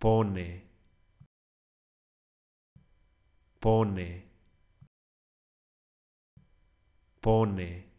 pone, pone, pone.